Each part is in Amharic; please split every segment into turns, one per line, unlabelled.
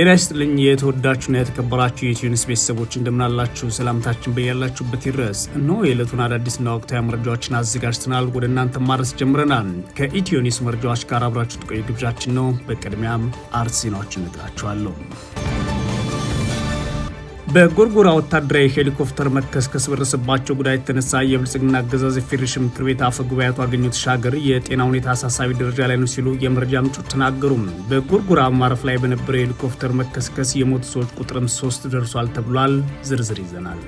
ጤና ይስጥልኝ የተወዳችሁና የተከበራችሁ የኢትዮኒውስ ቤተሰቦች እንደምናላችሁ ሰላምታችን በያላችሁበት ይድረስ። እነሆ የዕለቱን አዳዲስና ወቅታዊ መረጃዎችን አዘጋጅተናል ወደ እናንተ ማድረስ ጀምረናል። ከኢትዮኒስ መረጃዎች ጋር አብራችሁ ጥቆዩ ግብዣችን ነው። በቅድሚያም አርዕስተ ዜናዎችን እነግራችኋለሁ። በጎርጎራ ወታደራዊ ሄሊኮፕተር መከስከስ በደረሰባቸው ጉዳት የተነሳ የብልጽግና አገዛዝ የፌዴሬሽን ምክር ቤት አፈ ጉባኤ አቶ አገኘሁ ተሻገር የጤና ሁኔታ አሳሳቢ ደረጃ ላይ ነው ሲሉ የመረጃ ምንጮች ተናገሩ። በጎርጎራ ማረፍ ላይ በነበረው የሄሊኮፕተር መከስከስ የሞቱ ሰዎች ቁጥርም ሶስት ደርሷል ተብሏል። ዝርዝር ይዘናል።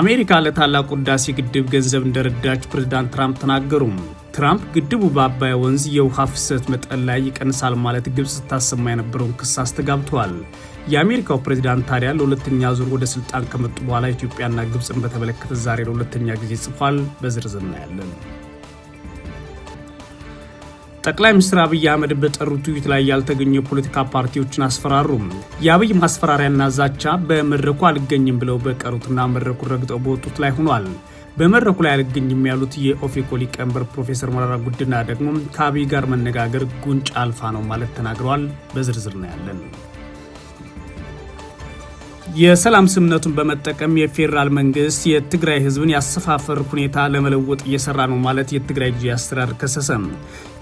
አሜሪካ ለታላቁ ህዳሴ ግድብ ገንዘብ እንደረዳች ፕሬዚዳንት ትራምፕ ተናገሩ። ትራምፕ ግድቡ በአባይ ወንዝ የውሃ ፍሰት መጠን ላይ ይቀንሳል ማለት ግብፅ ስታሰማ የነበረውን ክስ አስተጋብተዋል። የአሜሪካው ፕሬዚዳንት ታዲያ ለሁለተኛ ዙር ወደ ስልጣን ከመጡ በኋላ ኢትዮጵያና ግብፅን በተመለከተ ዛሬ ለሁለተኛ ጊዜ ጽፏል። በዝርዝር እናያለን። ጠቅላይ ሚኒስትር አብይ አህመድ በጠሩት ውይይት ላይ ያልተገኙ የፖለቲካ ፓርቲዎችን አስፈራሩም። የአብይ ማስፈራሪያና ዛቻ በመድረኩ አልገኝም ብለው በቀሩትና መድረኩን ረግጠው በወጡት ላይ ሆኗል። በመድረኩ ላይ አልገኝም ያሉት የኦፌኮ ሊቀመንበር ፕሮፌሰር መራራ ጉድና ደግሞ ከአብይ ጋር መነጋገር ጉንጭ አልፋ ነው ማለት ተናግረዋል። በዝርዝር ነው ያለን። የሰላም ስምምነቱን በመጠቀም የፌዴራል መንግስት የትግራይ ህዝብን ያሰፋፈር ሁኔታ ለመለወጥ እየሰራ ነው ማለት የትግራይ ጊዜያዊ አስተዳደር ከሰሰ።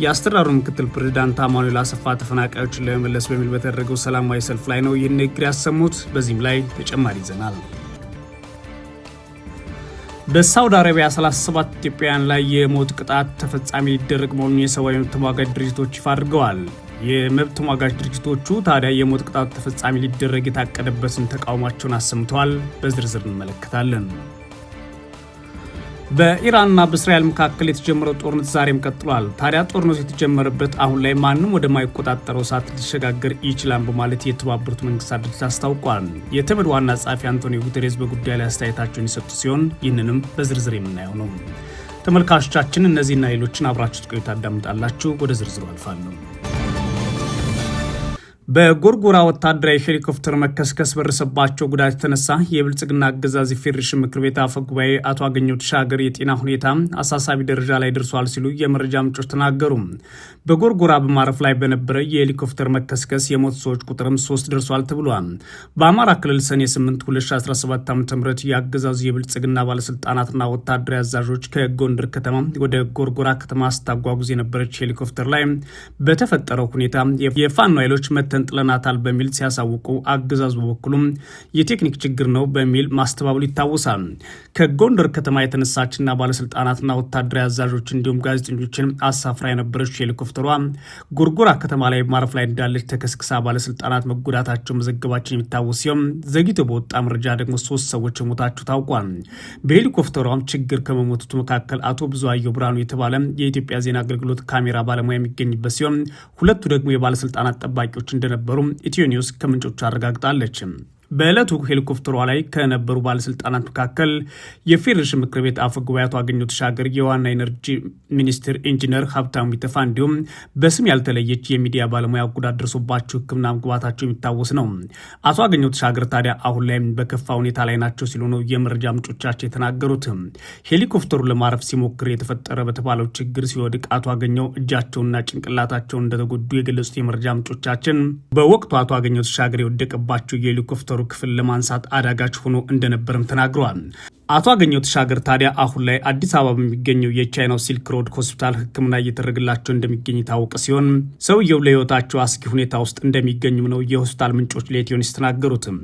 የአስተዳደሩ ምክትል ፕሬዚዳንት አማኑኤል አሰፋ ተፈናቃዮችን ለመመለስ በሚል በተደረገው ሰላማዊ ሰልፍ ላይ ነው ይህን ንግግር ያሰሙት። በዚህም ላይ ተጨማሪ ይዘናል። በሳውዲ አረቢያ 37 ኢትዮጵያውያን ላይ የሞት ቅጣት ተፈጻሚ ሊደረግ መሆኑን የሰብአዊ መብት ተሟጋጅ ድርጅቶች ይፋ አድርገዋል። የመብት ተሟጋች ድርጅቶቹ ታዲያ የሞት ቅጣት ተፈጻሚ ሊደረግ የታቀደበትን ተቃውሟቸውን አሰምተዋል። በዝርዝር እንመለከታለን። በኢራንና በእስራኤል መካከል የተጀመረው ጦርነት ዛሬም ቀጥሏል። ታዲያ ጦርነቱ የተጀመረበት አሁን ላይ ማንም ወደማይቆጣጠረው ሰዓት ሊሸጋገር ይችላል በማለት የተባበሩት መንግስታት ድርጅት አስታውቋል። የተመድ ዋና ጸሐፊ አንቶኒዮ ጉተሬዝ በጉዳይ ላይ አስተያየታቸውን የሰጡ ሲሆን ይህንንም በዝርዝር የምናየው ነው። ተመልካቾቻችን እነዚህና ሌሎችን አብራችሁት ቆይታ ታዳምጣላችሁ። ወደ ዝርዝሩ አልፋለሁ። በጎርጎራ ወታደራዊ ሄሊኮፕተር መከስከስ በደረሰባቸው ጉዳት የተነሳ የብልጽግና አገዛዝ ፌዴሬሽን ምክር ቤት አፈ ጉባኤ አቶ አገኘሁ ተሻገር የጤና ሁኔታ አሳሳቢ ደረጃ ላይ ደርሷል ሲሉ የመረጃ ምንጮች ተናገሩ። በጎርጎራ በማረፍ ላይ በነበረ የሄሊኮፕተር መከስከስ የሞት ሰዎች ቁጥርም ሶስት ደርሷል ተብሏል። በአማራ ክልል ሰኔ 8 2017 ዓ ም የአገዛዙ የብልጽግና ባለስልጣናትና ወታደራዊ አዛዦች ከጎንደር ከተማ ወደ ጎርጎራ ከተማ ስታጓጉዝ የነበረች ሄሊኮፕተር ላይ በተፈጠረው ሁኔታ የፋኖ ኃይሎች መተን ገንጥለናታል በሚል ሲያሳውቁ አገዛዙ በበኩሉም የቴክኒክ ችግር ነው በሚል ማስተባበሉ ይታወሳል። ከጎንደር ከተማ የተነሳችና ባለስልጣናትና ወታደራዊ አዛዦች እንዲሁም ጋዜጠኞችን አሳፍራ የነበረች ሄሊኮፕተሯ ጎርጎራ ከተማ ላይ ማረፍ ላይ እንዳለች ተከስክሳ ባለስልጣናት መጎዳታቸው መዘገባችን የሚታወስ ሲሆን ዘግይቶ በወጣ መረጃ ደግሞ ሶስት ሰዎች ሞታቸው ታውቋል። በሄሊኮፕተሯም ችግር ከመሞቱት መካከል አቶ ብዙአየሁ ብርሃኑ የተባለ የኢትዮጵያ ዜና አገልግሎት ካሜራ ባለሙያ የሚገኝበት ሲሆን ሁለቱ ደግሞ የባለስልጣናት ጠባቂዎች እንደ ኢትዮ ኒውስ ከምንጮቹ አረጋግጣለች። በዕለቱ ሄሊኮፕተሯ ላይ ከነበሩ ባለስልጣናት መካከል የፌዴሬሽን ምክር ቤት አፈ ጉባኤ አቶ አገኘሁ ተሻገር፣ የዋና ኤነርጂ ሚኒስትር ኢንጂነር ሀብታሙ ኢተፋ እንዲሁም በስም ያልተለየች የሚዲያ ባለሙያ ጉዳት ደርሶባቸው ሕክምና መግባታቸው የሚታወስ ነው። አቶ አገኘሁ ተሻገር ታዲያ አሁን ላይም በከፋ ሁኔታ ላይ ናቸው ሲሉ ነው የመረጃ ምንጮቻቸው የተናገሩት። ሄሊኮፕተሩ ለማረፍ ሲሞክር የተፈጠረ በተባለው ችግር ሲወድቅ አቶ አገኘሁ እጃቸውና ጭንቅላታቸውን እንደተጎዱ የገለጹት የመረጃ ምንጮቻችን በወቅቱ አቶ አገኘሁ ተሻገር የወደቀባቸው የሄሊኮፕተሩ ክፍል ለማንሳት አዳጋች ሆኖ እንደነበርም ተናግረዋል። አቶ አገኘው ተሻገር ታዲያ አሁን ላይ አዲስ አበባ በሚገኘው የቻይናው ሲልክ ሮድ ሆስፒታል ሕክምና እየተደረገላቸው እንደሚገኝ የታወቀ ሲሆን ሰውየው ለህይወታቸው አስጊ ሁኔታ ውስጥ እንደሚገኙም ነው የሆስፒታል ምንጮች ለኢትዮን የተናገሩትም።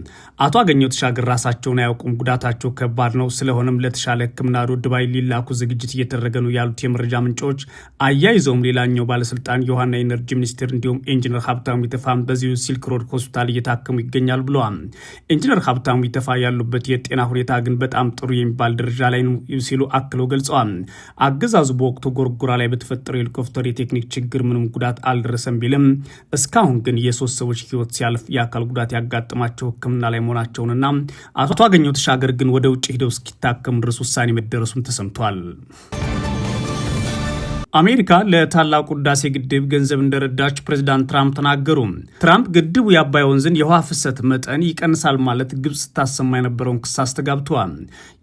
አቶ አገኘው ተሻገር ራሳቸውን አያውቁም፣ ጉዳታቸው ከባድ ነው፣ ስለሆነም ለተሻለ ሕክምና ወደ ዱባይ ሊላኩ ዝግጅት እየተደረገ ነው ያሉት የመረጃ ምንጮች አያይዘውም ሌላኛው ባለስልጣን የውሃና ኤነርጂ ሚኒስቴር እንዲሁም ኢንጂነር ሀብታሙ ይተፋም በዚሁ ሲልክ ሮድ ሆስፒታል እየታከሙ ይገኛል ብለዋል። ኢንጂነር ሀብታሙ ይተፋ ያሉበት የጤና ሁኔታ ግን በጣም ጥሩ የሚባል ደረጃ ላይ ነው ሲሉ አክለው ገልጸዋል። አገዛዙ በወቅቱ ጎርጎራ ላይ በተፈጠረው ሄሊኮፕተር የቴክኒክ ችግር ምንም ጉዳት አልደረሰም ቢልም እስካሁን ግን የሶስት ሰዎች ህይወት ሲያልፍ የአካል ጉዳት ያጋጠማቸው ሕክምና ላይ መሆናቸውንና አቶ አገኘው ተሻገር ግን ወደ ውጭ ሂደው እስኪታከሙ ድረስ ውሳኔ መደረሱም ተሰምቷል። አሜሪካ ለታላቁ ህዳሴ ግድብ ገንዘብ እንደረዳች ፕሬዚዳንት ትራምፕ ተናገሩ። ትራምፕ ግድቡ የአባይ ወንዝን የውሃ ፍሰት መጠን ይቀንሳል ማለት ግብፅ ስታሰማ የነበረውን ክስ አስተጋብተዋል።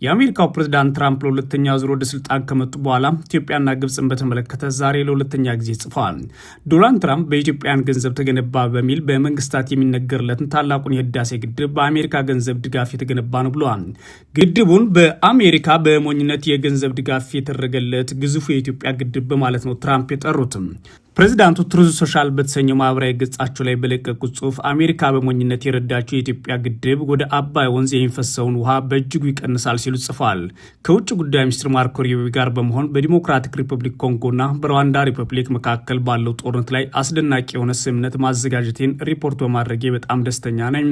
የአሜሪካው ፕሬዚዳንት ትራምፕ ለሁለተኛ ዙር ወደ ስልጣን ከመጡ በኋላ ኢትዮጵያና ግብፅን በተመለከተ ዛሬ ለሁለተኛ ጊዜ ጽፈዋል። ዶናልድ ትራምፕ በኢትዮጵያን ገንዘብ ተገነባ በሚል በመንግስታት የሚነገርለትን ታላቁን የህዳሴ ግድብ በአሜሪካ ገንዘብ ድጋፍ የተገነባ ነው ብለዋል። ግድቡን በአሜሪካ በሞኝነት የገንዘብ ድጋፍ የተደረገለት ግዙፉ የኢትዮጵያ ግድብ ማለት ነው ትራምፕ የጠሩትም ፕሬዚዳንቱ ትሩዝ ሶሻል በተሰኘው ማህበራዊ ገጻቸው ላይ በለቀቁት ጽሁፍ አሜሪካ በሞኝነት የረዳቸው የኢትዮጵያ ግድብ ወደ አባይ ወንዝ የሚፈሰውን ውሃ በእጅጉ ይቀንሳል ሲሉ ጽፏል። ከውጭ ጉዳይ ሚኒስትር ማርኮ ሩቢዮ ጋር በመሆን በዲሞክራቲክ ሪፐብሊክ ኮንጎና በሩዋንዳ ሪፐብሊክ መካከል ባለው ጦርነት ላይ አስደናቂ የሆነ ስምምነት ማዘጋጀቴን ሪፖርት በማድረጌ በጣም ደስተኛ ነኝ።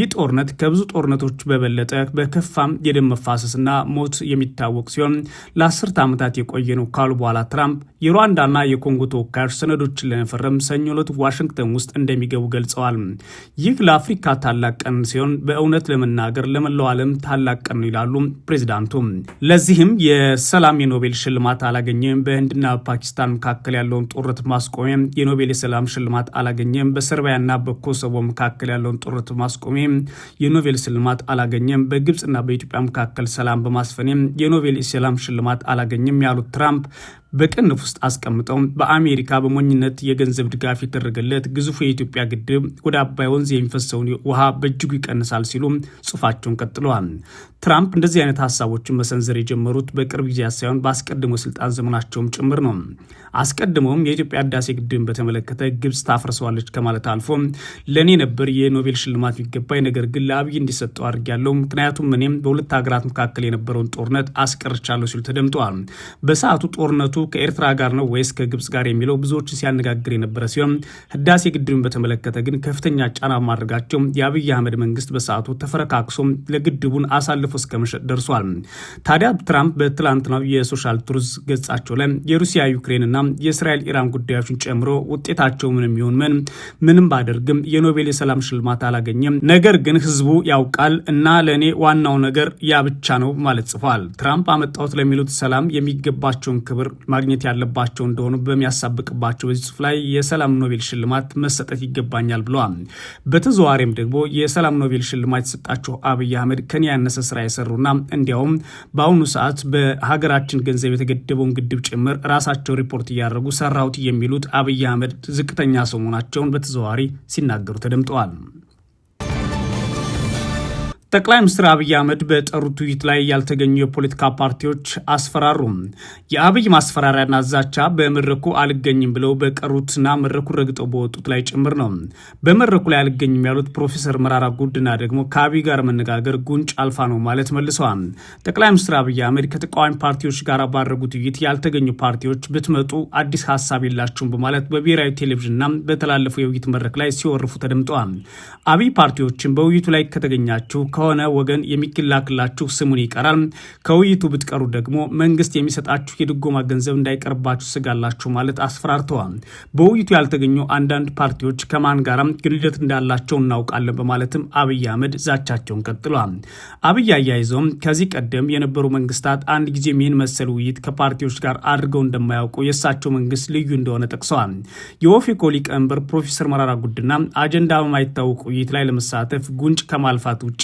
ይህ ጦርነት ከብዙ ጦርነቶች በበለጠ በከፋም የደም መፋሰስና ሞት የሚታወቅ ሲሆን ለአስርት ዓመታት የቆየ ነው ካሉ በኋላ ትራምፕ የሩዋንዳና የኮንጎ ተወካዮች ተያያዥ ሰነዶችን ለመፈረም ሰኞ ዕለት ዋሽንግተን ውስጥ እንደሚገቡ ገልጸዋል። ይህ ለአፍሪካ ታላቅ ቀን ሲሆን በእውነት ለመናገር ለመላው ዓለም ታላቅ ቀን ነው ይላሉ ፕሬዚዳንቱ። ለዚህም የሰላም የኖቤል ሽልማት አላገኘም፣ በህንድና በፓኪስታን መካከል ያለውን ጦርነት ማስቆሜም የኖቤል የሰላም ሽልማት አላገኘም፣ በሰርቢያና በኮሶቮ መካከል ያለውን ጦርነት ማስቆሜም የኖቤል ሽልማት አላገኘም፣ በግብፅና በኢትዮጵያ መካከል ሰላም በማስፈኔም የኖቤል የሰላም ሽልማት አላገኘም ያሉት ትራምፕ በቅንፍ ውስጥ አስቀምጠው በአሜሪካ በሞኝነት የገንዘብ ድጋፍ የተደረገለት ግዙፉ የኢትዮጵያ ግድብ ወደ አባይ ወንዝ የሚፈሰውን ውሃ በእጅጉ ይቀንሳል ሲሉ ጽሑፋቸውን ቀጥለዋል። ትራምፕ እንደዚህ አይነት ሀሳቦችን መሰንዘር የጀመሩት በቅርብ ጊዜ ሳይሆን በአስቀድሞ ስልጣን ዘመናቸውም ጭምር ነው። አስቀድሞም የኢትዮጵያ ህዳሴ ግድብን በተመለከተ ግብጽ ታፍርሰዋለች ከማለት አልፎ ለእኔ ነበር የኖቤል ሽልማት ቢገባኝ፣ ነገር ግን ለአብይ እንዲሰጠው አድርጌያለሁ። ምክንያቱም እኔም በሁለት ሀገራት መካከል የነበረውን ጦርነት አስቀርቻለሁ ሲሉ ተደምጠዋል። በሰዓቱ ጦርነቱ ግንኙነቱ ከኤርትራ ጋር ነው ወይስ ከግብጽ ጋር የሚለው ብዙዎችን ሲያነጋግር የነበረ ሲሆን ህዳሴ ግድብን በተመለከተ ግን ከፍተኛ ጫና ማድረጋቸው የአብይ አህመድ መንግስት በሰዓቱ ተፈረካክሶ ለግድቡን አሳልፎ እስከ መሸጥ ደርሷል። ታዲያ ትራምፕ በትላንትናው የሶሻል ቱሪዝ ገጻቸው ላይ የሩሲያ ዩክሬንና የእስራኤል ኢራን ጉዳዮችን ጨምሮ ውጤታቸው ምንም ይሁን ምን ምንም ባደርግም የኖቤል የሰላም ሽልማት አላገኘም፣ ነገር ግን ህዝቡ ያውቃል እና ለእኔ ዋናው ነገር ያ ብቻ ነው ማለት ጽፏል። ትራምፕ አመጣሁት ለሚሉት ሰላም የሚገባቸውን ክብር ማግኘት ያለባቸው እንደሆኑ በሚያሳብቅባቸው በዚህ ጽሁፍ ላይ የሰላም ኖቤል ሽልማት መሰጠት ይገባኛል ብለዋል። በተዘዋዋሪም ደግሞ የሰላም ኖቤል ሽልማት የተሰጣቸው አብይ አህመድ ከኔ ያነሰ ስራ የሰሩና እንዲያውም በአሁኑ ሰዓት በሀገራችን ገንዘብ የተገደበውን ግድብ ጭምር ራሳቸው ሪፖርት እያደረጉ ሰራሁት የሚሉት አብይ አህመድ ዝቅተኛ ሰው መሆናቸውን በተዘዋዋሪ ሲናገሩ ተደምጠዋል። ጠቅላይ ሚኒስትር አብይ አህመድ በጠሩት ውይይት ላይ ያልተገኙ የፖለቲካ ፓርቲዎች አስፈራሩም። የአብይ ማስፈራሪያና ዛቻ በመድረኩ አልገኝም ብለው በቀሩትና መድረኩ ረግጠው በወጡት ላይ ጭምር ነው። በመድረኩ ላይ አልገኝም ያሉት ፕሮፌሰር መራራ ጉድና ደግሞ ከአብይ ጋር መነጋገር ጉንጭ አልፋ ነው ማለት መልሰዋል። ጠቅላይ ሚኒስትር አብይ አህመድ ከተቃዋሚ ፓርቲዎች ጋር ባደረጉት ውይይት ያልተገኙ ፓርቲዎች ብትመጡ አዲስ ሀሳብ የላችሁም በማለት በብሔራዊ ቴሌቪዥንና በተላለፉ የውይይት መድረክ ላይ ሲወርፉ ተደምጠዋል። አብይ ፓርቲዎችን በውይይቱ ላይ ከተገኛችሁ ከሆነ ወገን የሚላክላችሁ ስሙን ይቀራል። ከውይይቱ ብትቀሩ ደግሞ መንግስት የሚሰጣችሁ የድጎማ ገንዘብ እንዳይቀርባችሁ ስጋላችሁ ማለት አስፈራርተዋል። በውይይቱ ያልተገኙ አንዳንድ ፓርቲዎች ከማን ጋር ግንኙነት እንዳላቸው እናውቃለን በማለትም አብይ አህመድ ዛቻቸውን ቀጥለዋል። አብይ አያይዘውም ከዚህ ቀደም የነበሩ መንግስታት አንድ ጊዜ ይህን መሰል ውይይት ከፓርቲዎች ጋር አድርገው እንደማያውቁ የእሳቸው መንግስት ልዩ እንደሆነ ጠቅሰዋል። የኦፌኮ ሊቀመንበር ፕሮፌሰር መራራ ጉድና አጀንዳ በማይታወቅ ውይይት ላይ ለመሳተፍ ጉንጭ ከማልፋት ውጭ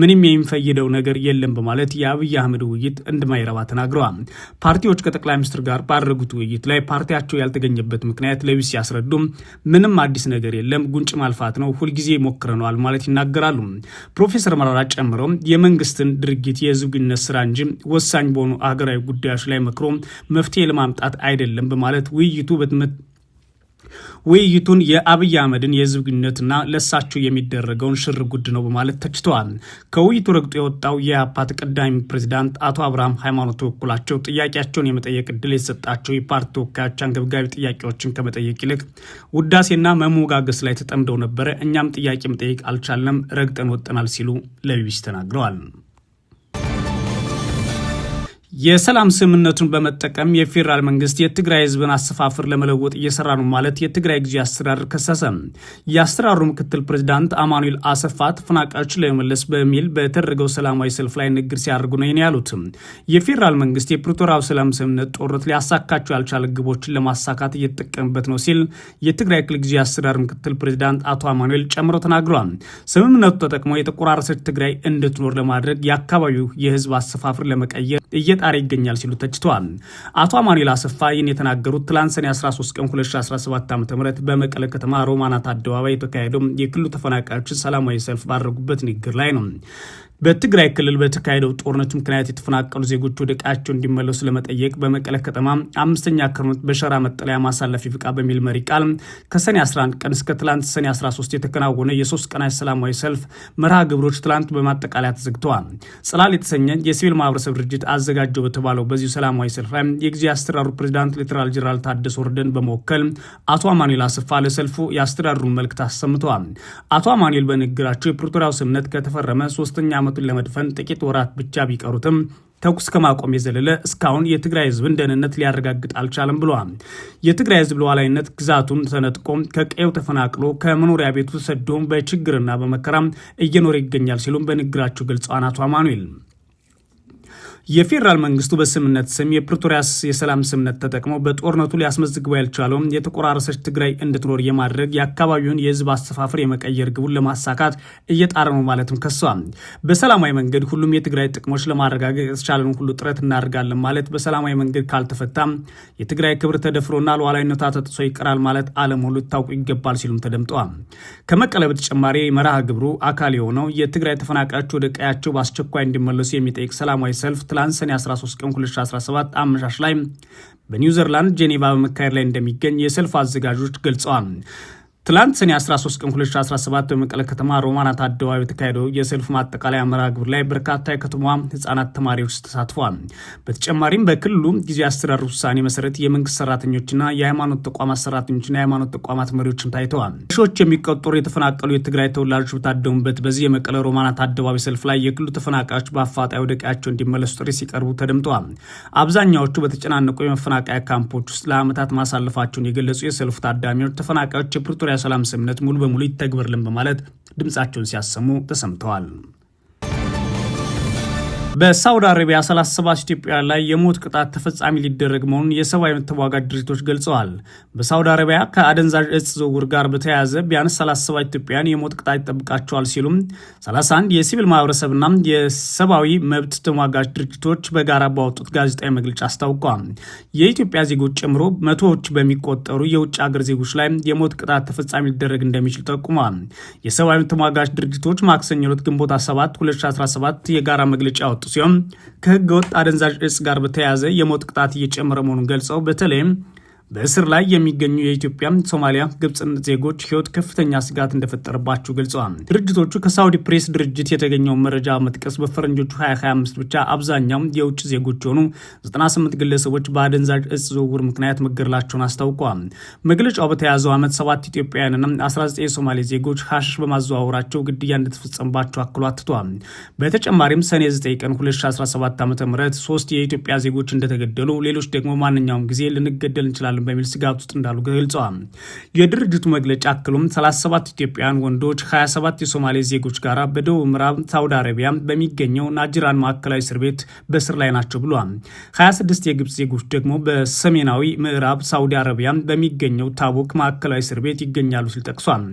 ምንም የሚፈይደው ነገር የለም በማለት የአብይ አህመድ ውይይት እንደማይረባ ተናግረዋል። ፓርቲዎች ከጠቅላይ ሚኒስትር ጋር ባደረጉት ውይይት ላይ ፓርቲያቸው ያልተገኘበት ምክንያት ለቢስ ሲያስረዱም ምንም አዲስ ነገር የለም፣ ጉንጭ ማልፋት ነው፣ ሁልጊዜ ሞክረነዋል ማለት ይናገራሉ። ፕሮፌሰር መራራ ጨምረው የመንግስትን ድርጊት የህዝብ ግንኙነት ስራ እንጂ ወሳኝ በሆኑ አገራዊ ጉዳዮች ላይ መክሮ መፍትሄ ለማምጣት አይደለም በማለት ውይይቱ ውይይቱን የአብይ አህመድን የህዝብ ግንኙነትና ለሳቸው የሚደረገውን ሽር ጉድ ነው በማለት ተችተዋል። ከውይይቱ ረግጦ የወጣው የኢህአፓ ተቀዳሚ ፕሬዚዳንት አቶ አብርሃም ሃይማኖት በበኩላቸው ጥያቄያቸውን የመጠየቅ እድል የተሰጣቸው የፓርቲ ተወካዮች አንገብጋቢ ጥያቄዎችን ከመጠየቅ ይልቅ ውዳሴና መሞጋገስ ላይ ተጠምደው ነበረ። እኛም ጥያቄ መጠየቅ አልቻለም፣ ረግጠን ወጠናል ሲሉ ለቢቢሲ ተናግረዋል። የሰላም ስምምነቱን በመጠቀም የፌዴራል መንግስት የትግራይ ህዝብን አሰፋፍር ለመለወጥ እየሰራ ነው ማለት የትግራይ ጊዜ አስተዳደር ከሰሰ። የአስተዳደሩ ምክትል ፕሬዚዳንት አማኑኤል አሰፋ ተፈናቃዮችን ለመመለስ በሚል በተደረገው ሰላማዊ ሰልፍ ላይ ንግግር ሲያደርጉ ነው ያሉት። የፌዴራል መንግስት የፕሪቶሪያው ሰላም ስምምነት ጦርነት ሊያሳካቸው ያልቻለ ግቦችን ለማሳካት እየተጠቀምበት ነው ሲል የትግራይ ክልል ጊዜ አስተዳደር ምክትል ፕሬዚዳንት አቶ አማኑኤል ጨምሮ ተናግሯል። ስምምነቱ ተጠቅሞ የተቆራረሰች ትግራይ እንድትኖር ለማድረግ የአካባቢው የህዝብ አሰፋፍር ለመቀየር እየጣረ ይገኛል ሲሉ ተችተዋል። አቶ አማኒል አሰፋ ይህን የተናገሩት ትላንት ሰኔ 13 ቀን 2017 ዓ ም በመቀለ ከተማ ሮማናት አደባባይ የተካሄደው የክልሉ ተፈናቃዮችን ሰላማዊ ሰልፍ ባደረጉበት ንግግር ላይ ነው። በትግራይ ክልል በተካሄደው ጦርነት ምክንያት የተፈናቀሉ ዜጎች ወደ ቀያቸው እንዲመለሱ ለመጠየቅ በመቀለ ከተማ አምስተኛ ክርምት በሸራ መጠለያ ማሳለፊ ፍቃ በሚል መሪ ቃል ከሰኔ 11 ቀን እስከ ትላንት ሰኔ 13 የተከናወነ የሶስት ቀናት ሰላማዊ ሰልፍ መርሃ ግብሮች ትላንት በማጠቃለያ ተዘግተዋል። ጽላል የተሰኘ የሲቪል ማህበረሰብ ድርጅት አዘጋጀው በተባለው በዚሁ ሰላማዊ ሰልፍ ላይ የጊዜ አስተዳሩ ፕሬዚዳንት ሌተናል ጄኔራል ታደሰ ወረደን በመወከል አቶ አማኑኤል አስፋ ለሰልፉ የአስተዳደሩን መልእክት አሰምተዋል። አቶ አማኑኤል በንግግራቸው የፕሪቶሪያው ስምምነት ከተፈረመ ሶስተኛ ዓመቱን ለመድፈን ጥቂት ወራት ብቻ ቢቀሩትም ተኩስ ከማቆም የዘለለ እስካሁን የትግራይ ህዝብን ደህንነት ሊያረጋግጥ አልቻለም ብለዋል። የትግራይ ህዝብ ለዋላይነት ግዛቱን ተነጥቆ ከቀየው ተፈናቅሎ ከመኖሪያ ቤቱ ሰዶም በችግርና በመከራም እየኖረ ይገኛል ሲሉም በንግግራቸው ገልጸዋል። አቶ አማኑኤል የፌዴራል መንግስቱ በስምነት ስም የፕሪቶሪያስ የሰላም ስምነት ተጠቅሞ በጦርነቱ ሊያስመዘግበው ያልቻለውም የተቆራረሰች ትግራይ እንድትኖር የማድረግ የአካባቢውን የህዝብ አስተፋፈር የመቀየር ግቡን ለማሳካት እየጣረ ነው ማለትም ከሷል። በሰላማዊ መንገድ ሁሉም የትግራይ ጥቅሞች ለማረጋገጥ የተቻለን ሁሉ ጥረት እናደርጋለን ማለት በሰላማዊ መንገድ ካልተፈታም የትግራይ ክብር ተደፍሮና ሉዓላዊነቷ ተጥሶ ይቀራል ማለት አለመሆኑ ታውቁ ይገባል ሲሉም ተደምጠዋል። ከመቀለ በተጨማሪ መርሃ ግብሩ አካል የሆነው የትግራይ ተፈናቃዮች ወደ ቀያቸው በአስቸኳይ እንዲመለሱ የሚጠይቅ ሰላማዊ ሰልፍ ፕላን ሰኔ 13 ቀን 2017 አመሻሽ ላይ በኒውዚርላንድ ጄኔቫ በመካሄድ ላይ እንደሚገኝ የሰልፍ አዘጋጆች ገልጸዋል። ትላንት ሰኔ 13 ቀን 2017 በመቀለ ከተማ ሮማናት አደባባይ በተካሄደው የሰልፍ ማጠቃለያ መርሃ ግብር ላይ በርካታ የከተማዋ ህጻናት ተማሪዎች ተሳትፏል። በተጨማሪም በክልሉ ጊዜ አስተዳደር ውሳኔ መሰረት የመንግስት ሰራተኞችና የሃይማኖት ተቋማት ሰራተኞችና የሃይማኖት ተቋማት መሪዎችም ታይተዋል። ሺዎች የሚቆጠሩ የተፈናቀሉ የትግራይ ተወላጆች በታደሙበት በዚህ የመቀለ ሮማናት አደባባይ ሰልፍ ላይ የክልሉ ተፈናቃዮች በአፋጣኝ ወደ ቀያቸው እንዲመለሱ ጥሪ ሲቀርቡ ተደምጠዋል። አብዛኛዎቹ በተጨናነቁ የመፈናቀያ ካምፖች ውስጥ ለዓመታት ማሳለፋቸውን የገለጹ የሰልፉ ታዳሚዎች ተፈናቃዮች የፕሪቶሪያ የሰላም ስምምነት ሙሉ በሙሉ ይተግበርልን በማለት ድምፃቸውን ሲያሰሙ ተሰምተዋል። በሳውዲ አረቢያ 37 ኢትዮጵያውያን ላይ የሞት ቅጣት ተፈጻሚ ሊደረግ መሆኑን የሰብአዊ መብት ተሟጋች ድርጅቶች ገልጸዋል። በሳውዲ አረቢያ ከአደንዛዥ እጽ ዝውውር ጋር በተያያዘ ቢያንስ 37 ኢትዮጵያውያን የሞት ቅጣት ይጠብቃቸዋል ሲሉም 31 የሲቪል ማህበረሰብና የሰብአዊ መብት ተሟጋች ድርጅቶች በጋራ ባወጡት ጋዜጣዊ መግለጫ አስታውቀዋል የኢትዮጵያ ዜጎች ጨምሮ መቶዎች በሚቆጠሩ የውጭ ሀገር ዜጎች ላይ የሞት ቅጣት ተፈጻሚ ሊደረግ እንደሚችል ጠቁሟል። የሰብአዊ መብት ተሟጋች ድርጅቶች ማክሰኞ ዕለት ግንቦት 7 2017 የጋራ መግለጫ ያወጡ ሲሆን ከህገ ወጥ አደንዛዥ እጽ ጋር በተያያዘ የሞት ቅጣት እየጨመረ መሆኑን ገልጸው በተለይም በእስር ላይ የሚገኙ የኢትዮጵያ፣ ሶማሊያ፣ ግብፅን ዜጎች ህይወት ከፍተኛ ስጋት እንደፈጠረባቸው ገልጸዋል። ድርጅቶቹ ከሳውዲ ፕሬስ ድርጅት የተገኘውን መረጃ መጥቀስ በፈረንጆቹ 2025 ብቻ አብዛኛው የውጭ ዜጎች የሆኑ 98 ግለሰቦች በአደንዛዥ እጽ ዝውውር ምክንያት መገደላቸውን አስታውቀዋል። መግለጫው በተያዘው ዓመት 7 ኢትዮጵያውያንና 19 የሶማሌ ዜጎች ሀሽሽ በማዘዋወራቸው ግድያ እንደተፈጸመባቸው አክሎ አትቷል። በተጨማሪም ሰኔ 9 ቀን 2017 ዓ ም ሶስት የኢትዮጵያ ዜጎች እንደተገደሉ ሌሎች ደግሞ ማንኛውም ጊዜ ልንገደል እንችላለን እንችላለን በሚል ስጋት ውስጥ እንዳሉ ገልጸዋል። የድርጅቱ መግለጫ አክሎም 37 ኢትዮጵያውያን ወንዶች 27 የሶማሌ ዜጎች ጋር በደቡብ ምዕራብ ሳውዲ አረቢያ በሚገኘው ናጅራን ማዕከላዊ እስር ቤት በእስር ላይ ናቸው ብሏል። 26 የግብፅ ዜጎች ደግሞ በሰሜናዊ ምዕራብ ሳውዲ አረቢያ በሚገኘው ታቦክ ማዕከላዊ እስር ቤት ይገኛሉ ሲል ጠቅሷል።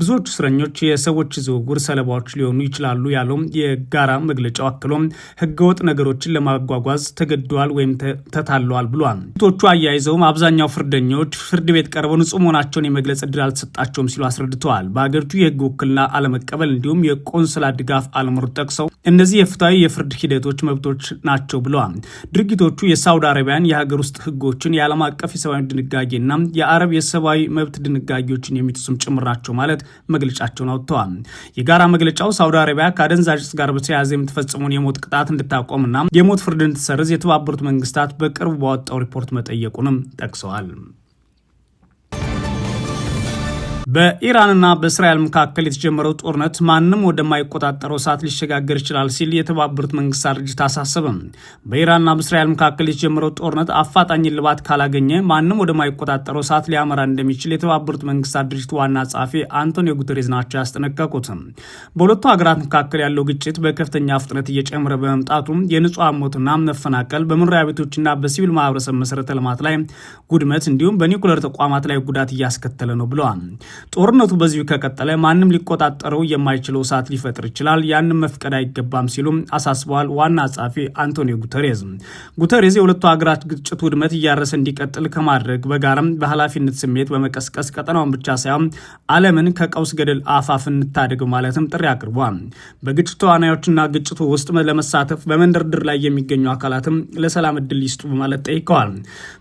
ብዙዎቹ እስረኞች የሰዎች ዝውውር ሰለባዎች ሊሆኑ ይችላሉ ያለው የጋራ መግለጫው አክሎም ህገወጥ ነገሮችን ለማጓጓዝ ተገደዋል ወይም ተታለዋል ብሏል። ቶቹ አያይዘውም አብዛኛው አብዛኛው ፍርደኞች ፍርድ ቤት ቀርበው ንጹህ መሆናቸውን የመግለጽ እድል አልተሰጣቸውም ሲሉ አስረድተዋል። በሀገሪቱ የህግ ውክልና አለመቀበል እንዲሁም የቆንስላ ድጋፍ አለመሩ ጠቅሰው እነዚህ የፍትሐዊ የፍርድ ሂደቶች መብቶች ናቸው ብለዋል። ድርጊቶቹ የሳውዲ አረቢያን የሀገር ውስጥ ህጎችን፣ የዓለም አቀፍ የሰብአዊ ድንጋጌና የአረብ የሰብአዊ መብት ድንጋጌዎችን የሚጥሱም ጭምር ናቸው ማለት መግለጫቸውን አውጥተዋል። የጋራ መግለጫው ሳውዲ አረቢያ ከአደንዛዥ ዕፅ ጋር በተያያዘ የምትፈጽመውን የሞት ቅጣት እንድታቆምና የሞት ፍርድ እንድትሰርዝ የተባበሩት መንግስታት በቅርቡ ባወጣው ሪፖርት መጠየቁንም ጠቅሰዋል። سؤال በኢራንና በእስራኤል መካከል የተጀመረው ጦርነት ማንም ወደማይቆጣጠረው ሰዓት ሊሸጋገር ይችላል ሲል የተባበሩት መንግስታት ድርጅት አሳሰበ። በኢራንና በእስራኤል መካከል የተጀመረው ጦርነት አፋጣኝ ልባት ካላገኘ ማንም ወደማይቆጣጠረው ሰዓት ሊያመራ እንደሚችል የተባበሩት መንግስታት ድርጅት ዋና ጸሐፊ አንቶኒዮ ጉተሬዝ ናቸው ያስጠነቀቁት። በሁለቱ ሀገራት መካከል ያለው ግጭት በከፍተኛ ፍጥነት እየጨመረ በመምጣቱ የንጹሐን ሞትና መፈናቀል በመኖሪያ ቤቶችና በሲቪል ማህበረሰብ መሰረተ ልማት ላይ ጉድመት እንዲሁም በኒኩለር ተቋማት ላይ ጉዳት እያስከተለ ነው ብለዋል። ጦርነቱ በዚሁ ከቀጠለ ማንም ሊቆጣጠረው የማይችለው እሳት ሊፈጥር ይችላል። ያንም መፍቀድ አይገባም ሲሉም አሳስበዋል። ዋና ጸሐፊ አንቶኒዮ ጉተሬዝ ጉተሬዝ የሁለቱ ሀገራት ግጭት ውድመት እያረሰ እንዲቀጥል ከማድረግ በጋራም በኃላፊነት ስሜት በመቀስቀስ ቀጠናውን ብቻ ሳይሆን ዓለምን ከቀውስ ገደል አፋፍ እንታደግ ማለትም ጥሪ አቅርቧል። በግጭቱ ተዋናዮችና ግጭቱ ውስጥ ለመሳተፍ በመንደርድር ላይ የሚገኙ አካላትም ለሰላም እድል ይስጡ በማለት ጠይቀዋል።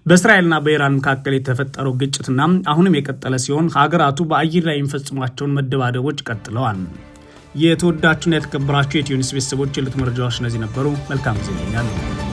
በእስራኤልና በኢራን መካከል የተፈጠረው ግጭትና አሁንም የቀጠለ ሲሆን ሀገራቱ ሀገሪቱ በአየር ላይ የሚፈጽሟቸውን መደባደቦች ቀጥለዋል። የተወዳችሁና የተከበራችሁ የኢትዮ ኒውስ ቤተሰቦች የዕለቱ መረጃዎች እነዚህ ነበሩ። መልካም ዜናኛል